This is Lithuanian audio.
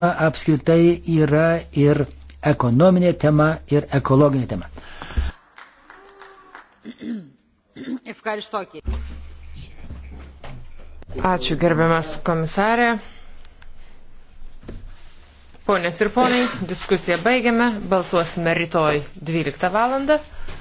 apskritai yra ir ekonominė tema, ir ekologinė tema. Ačiū gerbiamas komisarė. Ponės ir ponai, diskusiją baigiame, balsuosime rytoj 12 val.